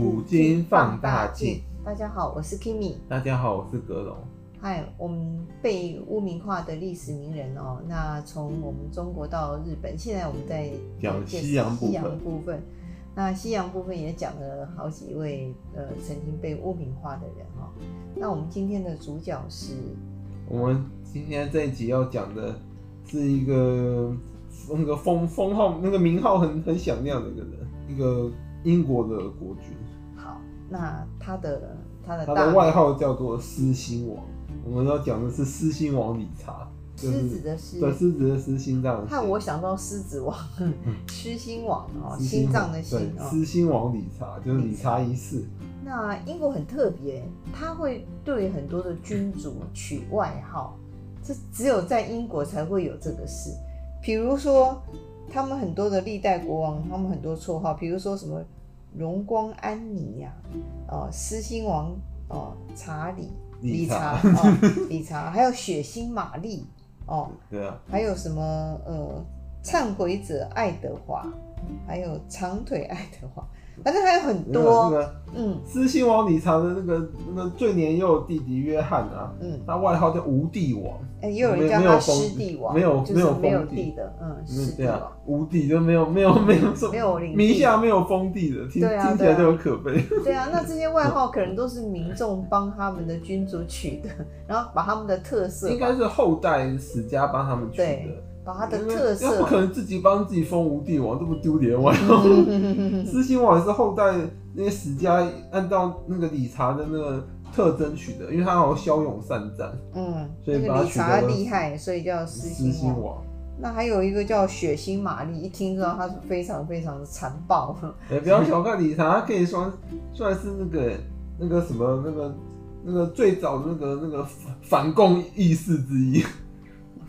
古今放大鏡。大家好，我是 Kimmy。大家好，我是格龍。嗨，我們被污名化的歷史名人哦、喔。那從我們中國到日本，現在我們在講西洋部分。西洋部分，那西洋部分也講了好幾位呃曾經被污名化的人哦、喔。那我們今天的主角是，我們今天這一集要講的是一個那個封封號那個名號很很響亮的一個人，一個英國的國君。那他的他的他的外號叫做獅心王，嗯、我們要講的是獅心王理查，獅子的獅，獅子的獅心臟，他我想到獅子王，獅心王哦，心臟的心對、哦、獅心王理查就是理查一世。那英國很特別，他會對很多的君主取外號，這只有在英國才會有這個事。比如說，他們很多的歷代國王，他們很多綽號，比如說什麼。榮光安妮呀、啊，哦、呃，獅心王哦、呃，查理理查，查哦，理 查，還有血腥瑪麗哦，呃、對、啊、還有什麼呃，懺悔者愛德華，還有長腿愛德華。反正還有很多，嗯，獅心王理查的那個那最年幼弟弟約翰啊，嗯，他外號叫無地王，哎，也有人叫他失地王，沒有沒有沒有地的，嗯，是這樣，無地就沒有沒有沒有沒有名下沒有封地的，聽聽起來都有可悲，對啊，那這些外號可能都是民眾幫他們的君主取的，然後把他們的特色，應該是後代史家幫他們取的。把他的特色，那不可能自己幫自己封無敵王？這不丟臉。獅心王是後代那些史家按照那個理查的那個特徵取的，因為他好像驍勇善戰，戰，嗯，所以他厲、嗯那個，害，所以叫獅心，獅心王。那還有一個叫血腥瑪麗，一聽知道他是非常非常的殘暴。哎、 欸，不要小看理查，他可以算算是那個那個什麼那個那個最早的那個那個反反共意識之一。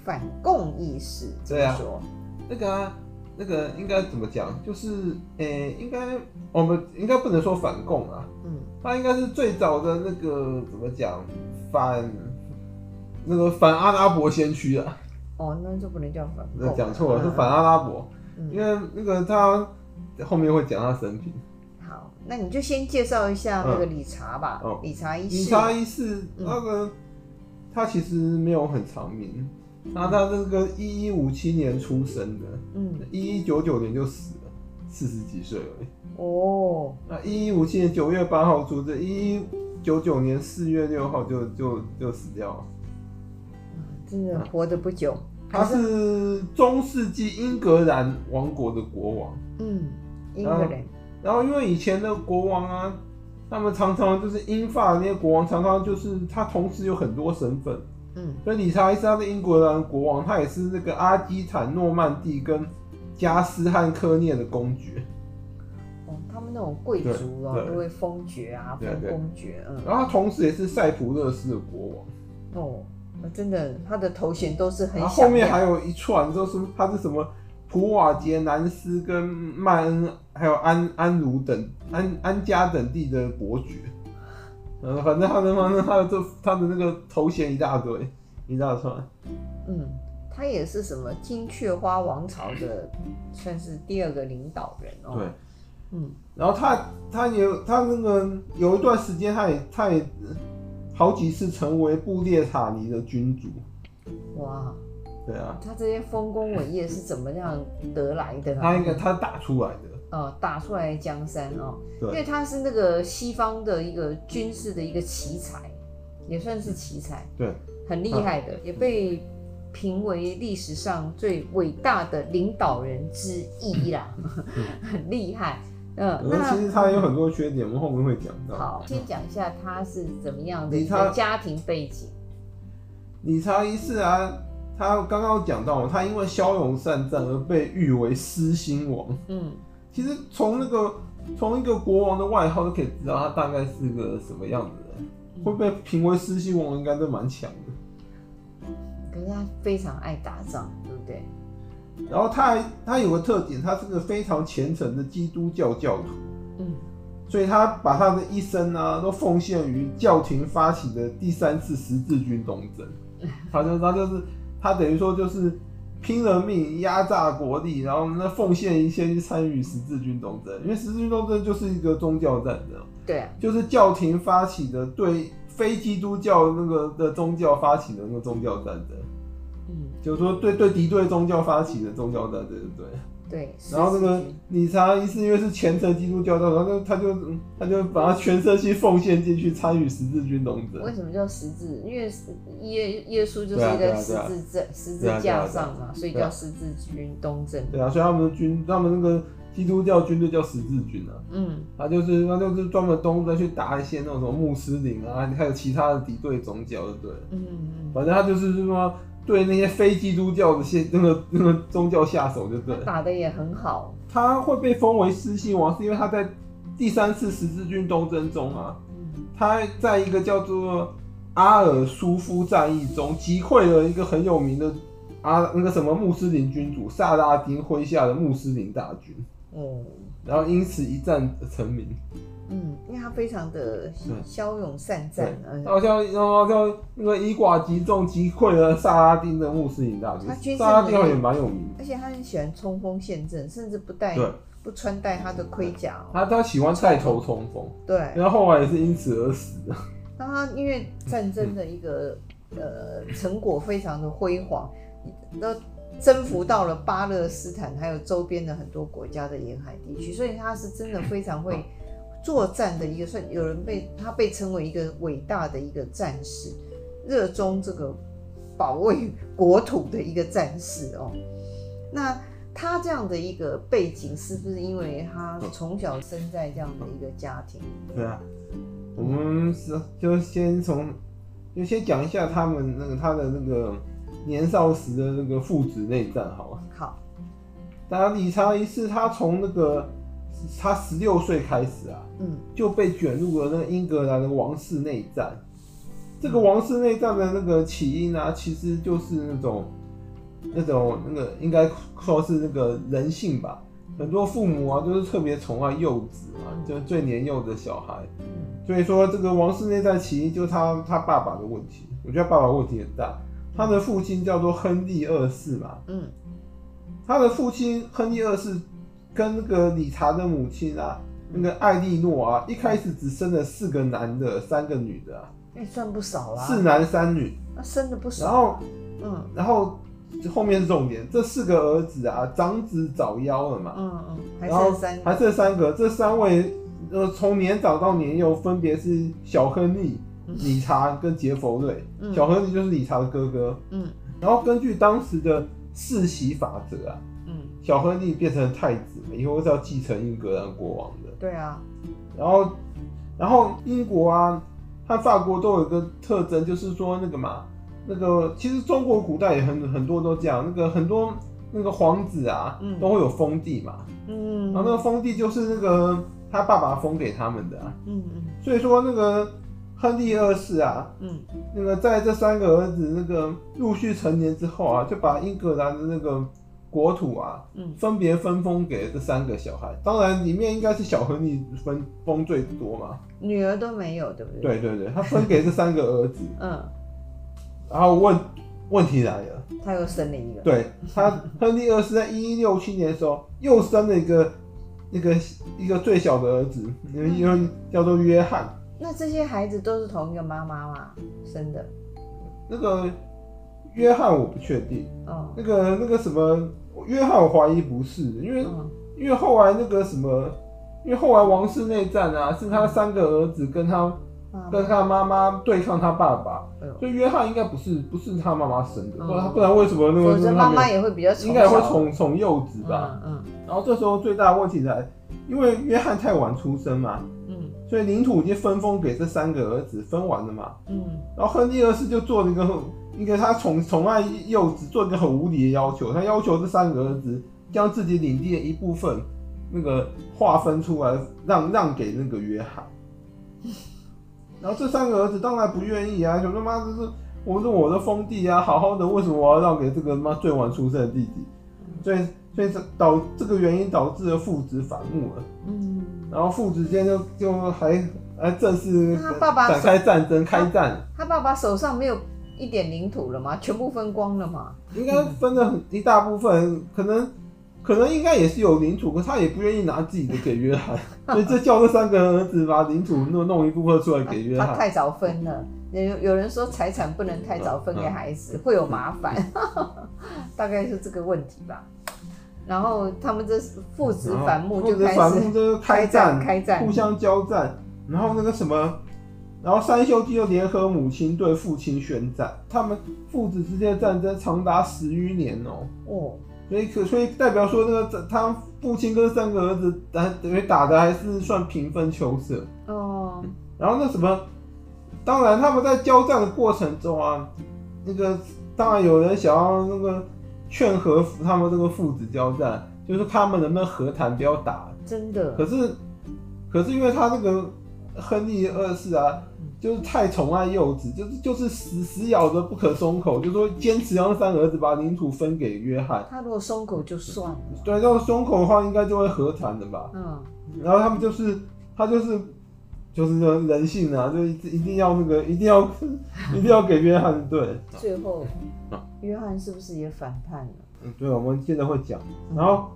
反共意識，對啊，那個、啊、那個應該怎麼講？就是，呃、欸，應該我們應該不能說反共啊，嗯，他應該是最早的那個怎麼講，反那個反阿拉伯先驅啊。哦，那就不能叫反共、啊，講錯了，嗯、是反阿拉伯。嗯、因為那個他後面會講他生平。好，那你就先介紹一下那個理查吧。嗯、哦，理查一世，理查一世，那個、嗯、他，他其實沒有很長命。那他這個一一五七年出生的，嗯，一一九九年就死了，四十幾歲而已。哦，1> 那一一五七年九月八號出生，一一九九年四月六號就就就死掉了。真的活得不久。他是中世紀英格蘭王國的國王。嗯，英格蘭。然後因為以前的國王啊，他們常常就是英法那些國王，常常就是他同時有很多身份。嗯，所以理查一世他是英格蘭國王，他也是那個阿基坦、諾曼底跟加斯漢科涅的公爵。哦，他們那種貴族啊，對都會封爵啊，對對對封公爵。嗯，然後他同時也是賽普勒斯的國王。哦，真的，他的頭銜都是很。後，後面還有一串，就是他是什麼？普瓦捷、南斯跟曼恩，還有安安茹等安安家等地的伯爵。嗯，反正他能，反正他的，這他的那個頭銜一大堆，一大串。嗯，他也是什麼金雀花王朝的，算是第二個領導人哦。對。嗯，然後他，他有他那個有一段時間，他也，他也好幾次成為布列塔尼的君主。哇。對啊。他這些豐功偉業是怎麼樣得來的呢啊？他應該他打出來的。打出來江山哦、喔，對因為他是那個西方的一個軍事的一個奇才，也算是奇才，嗯、對，很厲害的，嗯、也被評為歷史上最偉大的領導人之一啦，嗯、 很厲害。嗯，那、嗯、其實他有很多缺點，我們、嗯、後面會講到。嗯、好，先講一下他是怎麼樣的家庭背景。理查一世啊，他剛剛講到，他因為驍勇善戰而被譽為獅心王。嗯。其實從那個從一個國王的外號就可以知道他大概是個什麼樣的人，嗯嗯、會被評為獅心王應該都蠻強的。可是他非常愛打仗，對不、嗯、對？然後他還他有個特點，他是個非常虔誠的基督教教徒。嗯。所以他把他的一生啊都奉獻於教廷發起的第三次十字軍東征。反正、嗯、他，他就是他等於說就是。拼了命壓榨國力，然後那奉獻一些去參與十字軍東征，因為十字軍東征就是一個宗教戰爭，對啊，就是教廷發起的對非基督教那個的宗教發起的那個宗教戰爭，嗯，就是說對對敵對宗教發起的宗教戰爭，對。對，然後那個理查一世因為是虔誠基督教的，然後就他就他就、嗯、他就把他全身心奉獻進去參與十字軍東征。為什麼叫十字？因為耶耶穌就是一個十字架，十字架上嘛，所以叫十字軍東征。對啊，所以他們的軍，他們那個基督教軍隊叫十字軍啊，嗯，他、就是，他就是他就是專門東征去打一些那種什麼穆斯林啊，還有其他的敵對宗教，就對了，嗯，嗯，反正他就是說。對那些非基督教的些那個那個宗教下手就對了。打得也很好。他會被封為獅心王，是因為他在第三次十字軍東征中啊，他在一個叫做阿爾蘇夫戰役中擊潰了一個很有名的啊，那個什麼穆斯林君主薩拉丁麾下的穆斯林大軍。哦、嗯，然後因此一戰成名。嗯，因為他非常的驍勇善戰，好像哦，叫因為以寡擊眾擊潰了薩拉丁的穆斯林大軍。薩拉丁也蠻有名，而且他很喜歡衝鋒陷陣，甚至不戴不穿戴他的盔甲。他他喜歡帶頭衝鋒，對。然後後來也是因此而死的。那他因為戰爭的一個呃成果非常的輝煌，都征服到了巴勒斯坦，還有周邊的很多國家的沿海地區，所以他是真的非常會。作戰的一個，算有人被他被稱為一個偉大的一個戰士，熱衷這個保衛國土的一個戰士哦、喔。那他這樣的一個背景，是不是因為他從小生在這樣的一個家庭？對啊，我們是就先從，就先講一下他們那個他的那個年少時的那個父子內戰好了。好，大家理查一世他從那個。他十六歲開始啊，就被捲入了那個英格蘭的王室內戰。這個王室內戰的那個起因呢、啊，其實就是那種、那種、那個，應該說是那個人性吧。很多父母啊，都是特別寵愛幼子啊，就最年幼的小孩。所以說，這個王室內戰起因就他他爸爸的問題。我覺得爸爸的問題很大。他的父親叫做亨利二世嘛，嗯，他的父親亨利二世。跟那個理查的母親啊，嗯、那個艾莉諾啊，嗯、一開始只生了四個男的，三個女的啊，那、欸、算不少啦。四男三女，那生的不少，啊。然後，嗯，然後後面是重點，這四個兒子啊，長子早夭了嘛，嗯嗯，還剩三，還剩三個，這三位呃，從年長到年幼分別是小亨利、嗯、理查跟傑佛瑞。嗯、小亨利就是理查的哥哥，嗯，然後根據當時的世襲法則啊。小亨利變成太子嘛，以後是要繼承英格蘭國王的。對啊，然後，然後英國啊和法國都有一個特徵，就是說那個嘛，那個其實中國古代也很很多都這樣，那個很多那個皇子啊，嗯、都會有封地嘛。嗯，然後那個封地就是那個他爸爸封給他們的、啊。嗯嗯，所以說那個亨利二世啊，嗯，那個在這三個兒子那個陸續成年之後啊，就把英格蘭的那個。國土啊，嗯，分別分封給這三個小孩。當然，裡面應該是小亨利分封最多嘛，女兒都沒有，對不對？對對對，他分給這三個兒子。 嗯，然後問問題來了，他又生了一個，對，他亨利二世在一一六七年的時候又生了一個 一個一個最小的兒子，因為叫做約翰。嗯。那這些孩子都是同一個媽媽嗎？生的？那個。約翰，我不確定。那個那個什麼，約翰，我懷疑不是，因為因為後來那個什麼，因為後來王室內戰啊，是他三個兒子跟他跟他媽媽對抗他爸爸，所以約翰應該不是不是他媽媽生的，不然不然為什麼那麼？否則媽媽也會比較應該也會寵寵幼子吧。然後這時候最大的問題在，因為約翰太晚出生嘛，所以領土已經分封給這三個兒子分完了嘛，然後亨利二世就做了一個。因為他寵寵愛幼子，做一個很無理的要求，他要求這三個兒子將自己領地的一部分那個劃分出來讓，讓讓給那個約翰。然後這三個兒子當然不願意啊，就說媽這是我是我的封地啊，好好的，為什麼我要讓給這個媽最晚出生的弟弟？所以所以這導這個原因導致了父子反目了。嗯，然後父子間就就還還正式展開戰爭，爸爸開戰他。他爸爸手上沒有。一點領土了嗎？全部分光了嗎？應該分了很一大部分，嗯、可能可能應該也是有領土，可他也不願意拿自己的給約翰， 所以這叫這三個兒子把領土弄弄一部分出來給約翰、啊。他太早分了，有 有人說財產不能太早分給孩子，啊啊、會有麻煩， 大概是這個問題吧。然後他們這父子反目就開始開戰，開戰，互相交戰，嗯、然後那個什麼。然後三兄弟又聯合母親對父親宣戰，他們父子之間的戰爭長達十餘年哦。哦，所以可所以代表說那個他父親跟三個兒子，等於打的還是算平分秋色哦。然後那什麼，當然他們在交戰的過程中啊，那個當然有人想要那個勸和，他們這個父子交戰，就是他們能不能和談不要打？真的？可是可是因為他這個亨利二世啊。就是太寵愛幼子，就是就是死死咬着不可鬆口，就說、是、堅持讓三兒子把領土分給約翰。他如果鬆口就算了。對，要鬆口的話，應該就會和談的吧？嗯。然後他們就是他就是就是人性啊，就一一定要那個一定要一定要給約翰。對。最後，約翰是不是也反叛了？嗯，對，我們現在會講。然後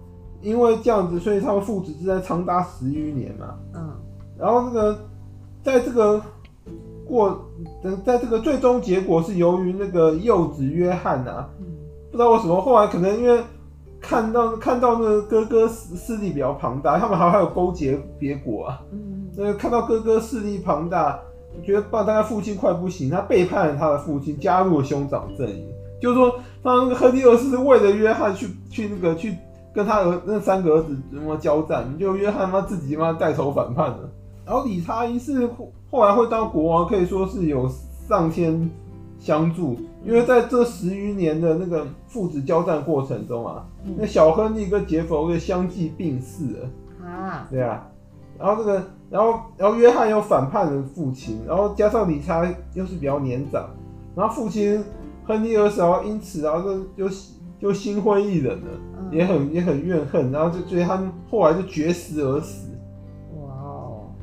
因為這樣子，所以他們父子是在長達十餘年嘛。嗯。然後這個在這個。過，嗯，在這個最終結果是由於那個幼子約翰啊，嗯，不知道為什麼後來可能因為看到看到那個哥哥勢力比較龐大，他們還好還有勾結別國啊，嗯，那看到哥哥勢力龐大，覺得爸，大概父親快不行，他背叛了他的父親，加入了兄長陣營，就是說他亨利二世為了約翰去去那個去跟他兒那三個兒子什麼交戰，就約翰他自己嘛帶頭反叛了。然後理查一世後來會當國王，可以說是有上天相助，因為在這十餘年的那個父子交戰過程中啊，那小亨利跟杰佛瑞相繼病逝了啊，對啊，然後這個，然後然後約翰又反叛了父親，然後加上理查又是比較年長，然後父親亨利二世，然後因此然後就就就心灰意冷了，也很也很怨恨，然後就覺得他們後來就絕食而死。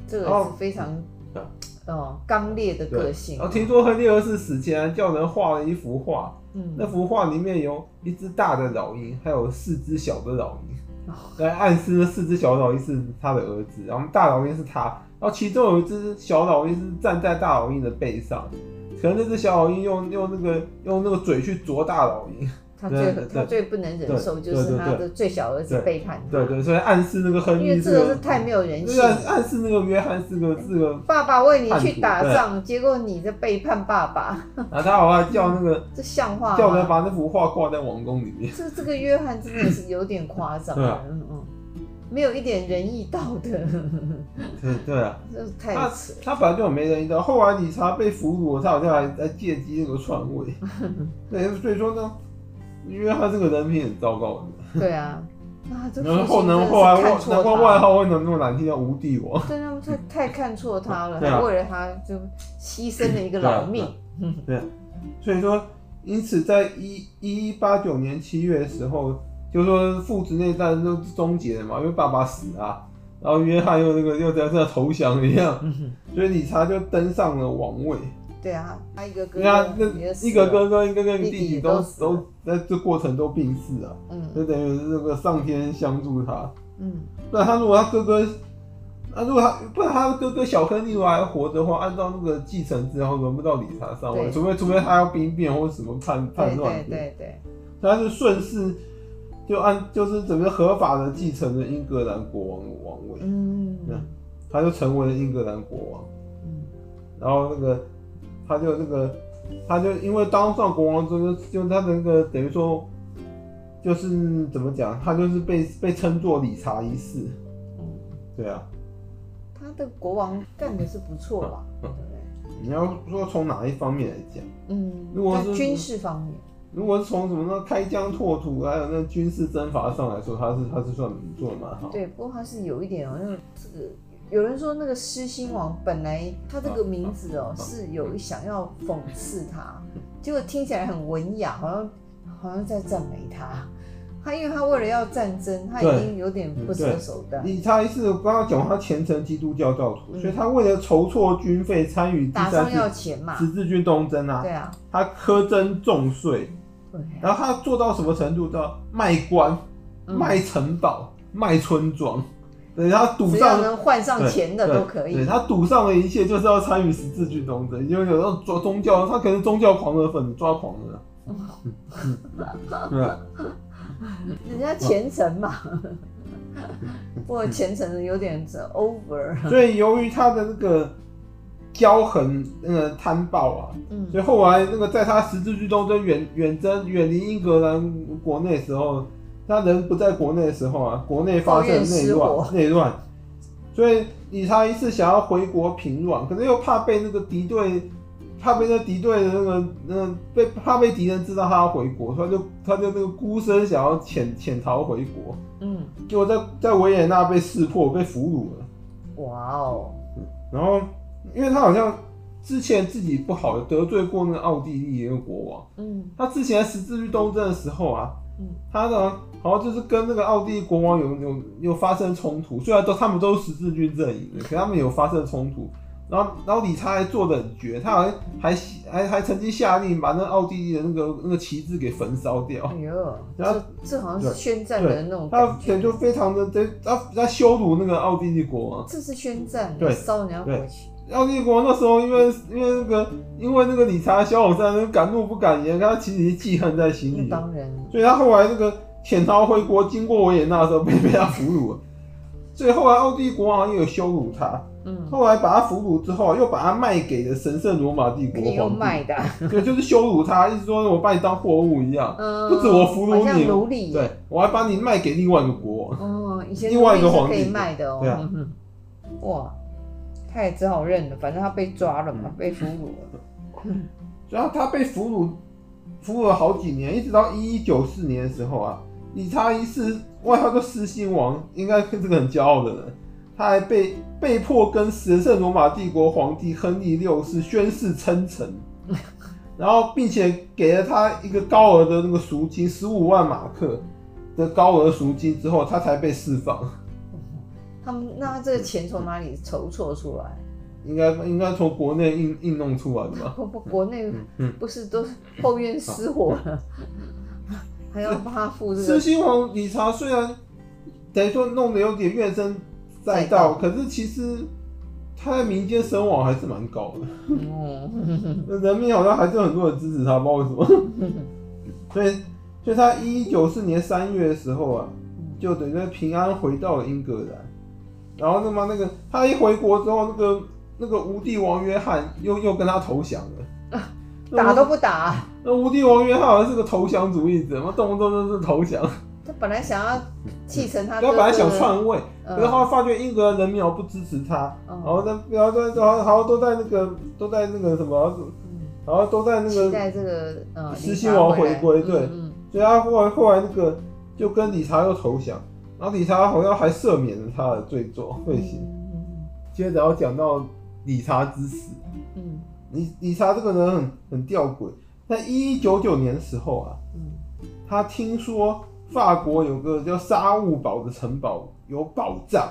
這個是非常的，然後，哦，剛烈的個性。哦，然後聽說亨利二世死前叫人畫了一幅畫，嗯，那幅畫裡面有一隻大的老鷹，還有四隻小的老鷹，來暗示了四隻小老鷹是他的兒子，然後大老鷹是他，然後其中有一隻小老鷹是站在大老鷹的背上，可能那隻小老鷹用用那個用那個嘴去啄大老鷹。他最他最不能忍受就是他的最小兒子背叛他對對，對對，所以暗示那個亨利，因為這個是太沒有人性，暗示那個約翰是個是個是是、嗯、爸爸為你去打仗，對結果你在背叛爸爸。那、啊、他好像叫那個，嗯、這像話，叫他把那幅畫掛在王宮裡面。這這個約翰真的是有點誇張，嗯、啊、嗯，沒有一點仁義道德。對對啊，這是太他他本來就沒仁義道，後來理查被俘虜，他好像還還借機那個篡位。對，所以說呢。因為他這個人品很糟糕的。對啊，啊，真是他能後父後後能父外能外號為什麼那麼難聽叫無地王？真的太太看錯他了，他、啊、為了他就犧牲了一個老命。對、啊對、啊對、啊對啊，所以說，因此在一一八九年七月的時候，嗯、就說父子內戰就終結了嘛，因為爸爸死了啊，然後約翰又那個又在這投降一樣，所以理查就登上了王位。對啊，他一個哥，哥，哥，一個哥哥，一個哥弟弟都跟弟弟都，都在這過程都病逝了、啊，嗯，就等於這個上天相助他，嗯，那他如果他哥哥，那如果他不然他哥哥小亨利如果還活着的話，按照那個繼承之後輪不到理查上位，對除非除非他要兵變或者什麼叛叛亂，對對，對,對,對他是順勢就按就是整個合法的繼承了英格蘭國王的王位，嗯，他就成為了英格蘭國王，嗯，然後那個。他就那、這個，他就因為當上國王之、就、後、是，就他的那個等於說，就是怎麼講，他就是被被稱作理查一世。嗯、對啊。他的國王幹的是不錯吧？嗯、對，對。你要說從哪一方面來講？嗯。如果是軍事方面。如果是從什麼呢？開疆拓土，還有那軍事征伐上來說，他是他是算做的蠻好。對，不過他是有一點好像這個。有人說那個獅心王本來他這個名字哦、喔、是有想要諷刺他，結果聽起來很文雅，好像好像在讚美他。他因為他為了要戰爭，他已經有點不擇手段。理查是我剛剛講他虔誠基督教教徒，嗯、所以他為了籌措軍費，參與第三次，打仗要錢嘛，十字軍東征啊。對啊，他苛徵重稅，啊、然後他做到什麼程度？叫賣官、嗯、賣城堡、賣村莊。對，他賭上能換上錢的都可以。對，對，對他賭上的一切就是要參與十字軍東征，因為有時候做宗教，他可能宗教狂熱粉抓狂了。人家虔誠嘛，不過虔誠有點 over。所以由於他的那個驕橫，那個貪暴啊，嗯、所以後來那個在他十字軍東征遠遠征遠離英格蘭國內時候。他人不在國內的時候啊，國內發生內亂，內亂，所以理查一世想要回國平亂，可是又怕被那個敵對，怕被那敵對的那個那個、被怕被敵人知道他要回國，他就他就那個孤身想要潛潛逃回國，嗯，結果在在維也納被識破，被俘虜了，哇哦，然後因為他好像之前自己不好得罪過那個奧地利一個國王，嗯，他之前十字軍東征的時候啊。他呢，好像就是跟那個奧地利國王有有有發生衝突，雖然都他們都是十字軍陣營的，可他們有發生衝突。然後，然後理查還做得很絕，他好像還還還曾經下令把那奧地利的那個那個旗幟給焚燒掉。哎呦，然後這，這好像是宣戰的那種感覺，他就非常的這他他羞辱那個奧地利國王，這是宣戰，燒人家國旗。奧地利國那時候，因為因為那個因為那個理查小王子，敢怒不敢言，他其實記恨在心裡。當然。所以他後來那個潛逃回國，經過維也納的時候被，被被他俘虜。所以後來奧地利國王又有羞辱他，嗯，後來把他俘虜之後，又把他賣給了神聖羅馬帝國皇帝。賣的，嗯，對，就是羞辱他，意思 說我把你當貨物一樣，呃、不止我俘虜你，對我還把你賣給另外一個國王。哦、嗯，以前以皇，帝另外一個皇帝是可以賣，哦、對啊。嗯，哇。他也只好認了，反正他被抓了嘛，被俘虜了。主要 他被俘虜，俘虜了好幾年，一直到一一九四年的時候啊，理查一世，外號叫獅心王，應該是這個很驕傲的人，他還被被迫跟神聖羅馬帝國皇帝亨利六世宣誓稱臣， 然後並且給了他一個高額的那個贖金，十五萬馬克的高額贖金之後，他才被釋放。他們那這個錢從哪裡籌措出來？應該應該從國內硬硬弄出來的吧？ 不國內不是都是後院失火了，啊、 還要幫他付這個。獅心王理查雖然等於說弄得有點怨聲載道，道可是其實他在民間聲望還是蠻高的。那 人民好像還是有很多人支持他，不知道為什麼。 所以所以他一一九四年三月的時候啊，就等於平安回到了英格蘭。然後那麼那個，他一回國之後，那個那個無地王約翰又又跟他投降了，打都不打、啊。那無地王約翰好像是個投降主義者，他動不動就是投降。他本來想要繼承他、這個，他本來想篡位，嗯、可是後來他發覺英格蘭人民不支持他，嗯、然後他然後然後然後都在那個都在那個什麼，然後都在那個、嗯、期待這個，獅、呃、心王回歸。回。對，嗯嗯、所以他後來後來那個就跟理查又投降。然後理查好像還赦免了他的罪狀罪行，嗯嗯、接着要講到理查之死，嗯。理查這個人很，很弔詭，在一一九九年的時候啊，嗯、他聽說法國有個叫沙霧堡的城堡有寶藏，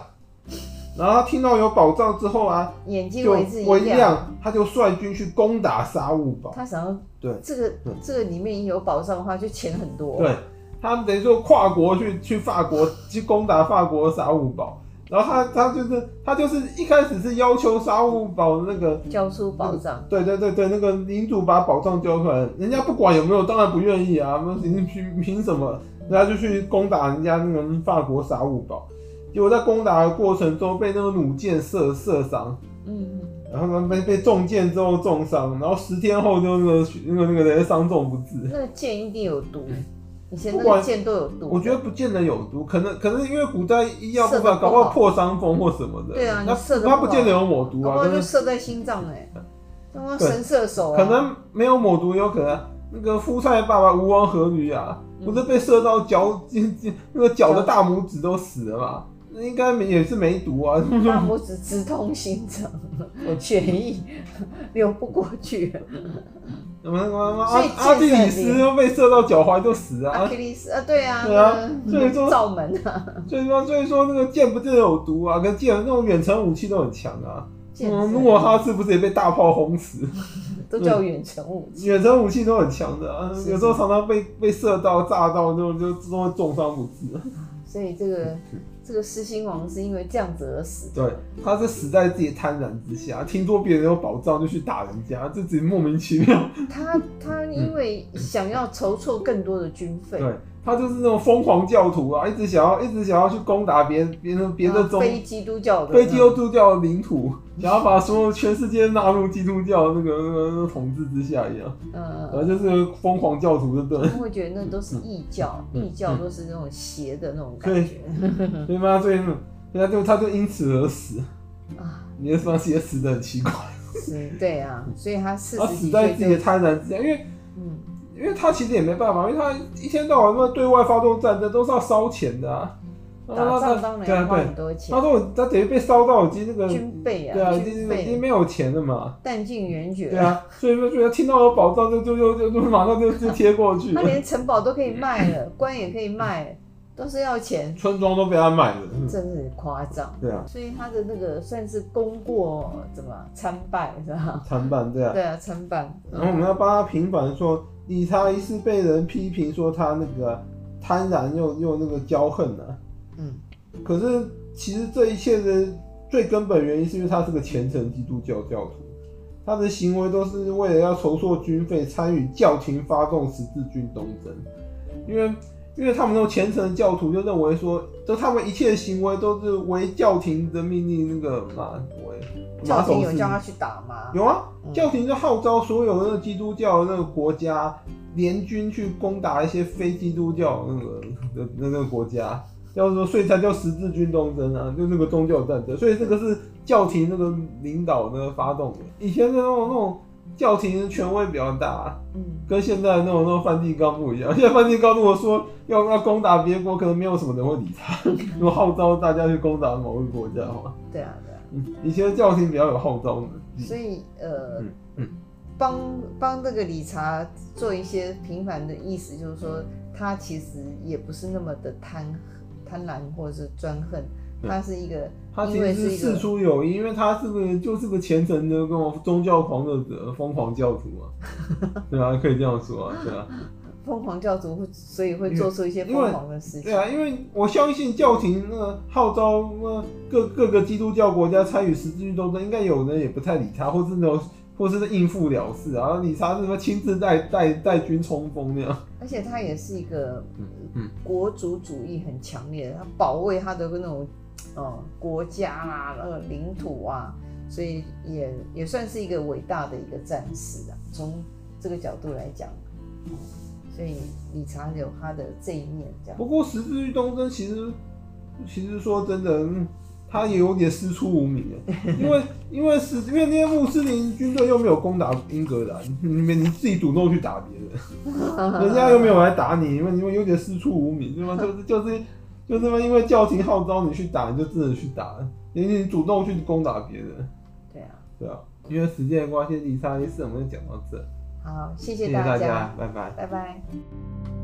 然後他聽到有寶藏之後啊，眼睛為之一亮，就他就率軍去攻打沙霧堡。他想要對這個，嗯、這個裡面有寶藏的話，就錢很多。對。他們等於說跨國去去法國去攻打法國沙勿堡，然後他他就是他就是一開始是要求沙勿堡的那個交出寶藏，對、嗯、對對對，那個領主把寶藏交出來，人家不管有沒有，當然不願意啊，你憑憑什麼人家就去攻打人家那個法國沙勿堡，結果在攻打的過程中被那個弩箭射射傷，嗯，然後被被中箭之後重傷，然後十天後就那個那個那個人傷重不治，那個箭一定有毒。以前那個箭都有毒，我覺得不見得有毒，可能可能因為古代醫藥不發達，搞不好破傷風或什麼的。射嗯、對啊，他他它不，不見得有抹毒啊，可就射在心臟哎、欸，那麼是、嗯、神射手、啊？可能沒有抹毒，有可能那個夫差爸爸吳王闔閭啊，嗯、不是被射到腳，那個、嗯、腳的大拇指都死了嘛？應該也是沒毒啊，大拇指直通心臟， 血液流不過去。什麼什麼阿阿基里斯都被射到腳踝就死啊！阿基里斯啊，對啊，對啊，所以說造門啊，所以說所以說那個箭不見得有毒啊？跟箭那種遠程武器都很強啊。努爾哈赤不是也被大炮轟死？都叫遠程武器，遠程武器都很強的，有時候常常被被射到、炸到，就自動會重傷不治。所以這個。這個獅心王是因為這樣子而死的，對，他是死在自己貪婪之下，聽說別人有寶藏就去打人家，這只莫名其妙。他他因為想要籌措更多的軍費。嗯 他就是那種瘋狂教徒啊，一直想要，一直想要去攻打別別的別的宗、啊、非基督教的非基督教的領土，想要把所有全世界納入基督教那個統治之下一樣。嗯，反正、啊、就是瘋狂教徒，的，對。他會覺得那都是異教，異、嗯、教都是那種邪的那種感覺。所以、嗯，所、嗯、以、嗯、他就他就因此而死啊！你說邪死的很奇怪，是，對啊，所以他死，他死在自己的貪婪之下，因為。因為他其實也沒辦法，因為他一天到晚都在對外發動戰爭都是要燒錢的啊，打仗當然花很多錢。他說他等於被燒到，已經那個軍備啊，對啊，已經沒有錢了嘛，彈盡援絕。對啊，所以說只要聽到有寶藏，就就就就馬上就就貼過去。他連城堡都可以賣了，官也可以賣，都是要錢。村莊都被他賣了，真是誇張。對啊，所以他的那個算是功過怎麼參半是吧？參半對啊，對啊，參半。然後我們要幫他平反說。理查一世被人批評說他那個貪婪又又那個驕橫啊。嗯，可是其實這一切的最根本原因，是因為他是個虔誠基督教教徒，他的行為都是為了要籌措軍費，參與教廷發動十字軍東征。因為，因為他們那種虔誠教徒就認為說，就他們一切行為都是為教廷的命令那個嘛，對。教廷有叫他去打嗎？有啊，教廷就號召所有的那個基督教的那個國家聯、嗯、軍去攻打一些非基督教的那個那那個國家，叫做，所以才叫十字軍東征啊，就是、那個宗教戰爭。所以這個是教廷那個領導的那個發動的。以前的那種那種教廷的權威比較大，嗯，跟現在那種那種梵蒂岡不一樣。現在梵蒂岡如果說要要攻打別國，可能沒有什麼人會理他。如果 號召大家去攻打某個國家的話，對啊。對以前的教廷比較有號召力，所以呃，幫幫、嗯、那個理查做一些平凡的意思，就是說他其實也不是那麼的貪貪婪或者是專橫，他是一個，他其實事出有因，因為他是不是就是個虔誠的、跟宗教狂的瘋狂教徒啊， 對啊，可以這樣說啊，對啊。瘋狂教主會，所以會做出一些瘋狂的事情。對啊，因為我相信教廷呃號召呢各各個基督教國家參與十字軍東征，應該有人也不太理他，或是那種或是，是應付了事啊。理查是什麼親自帶帶帶軍衝鋒那樣。而且他也是一個嗯嗯，國族主義很強烈的，他保衛他的那種呃、哦、國家啊，那個領土啊，所以也也算是一個偉大的一個戰士啊。從這個角度來講。所以你才有他的這一面這樣。不過十字軍東征其實，其實說真的，嗯，他也有點師出無名啊。因為因為十，因為那些穆斯林軍隊又沒有攻打英格蘭，你們你自己主動去打別人， 人家又沒有來打你，因為你們你們有點師出無名，對嗎？就是就是就是嘛，因為教廷號召你去打，你就只能去打，你你主動去攻打別人。對啊。對啊，因為時間的關係，理查一世我們就講到這。好，謝謝大家，謝謝大家拜拜，拜拜。拜拜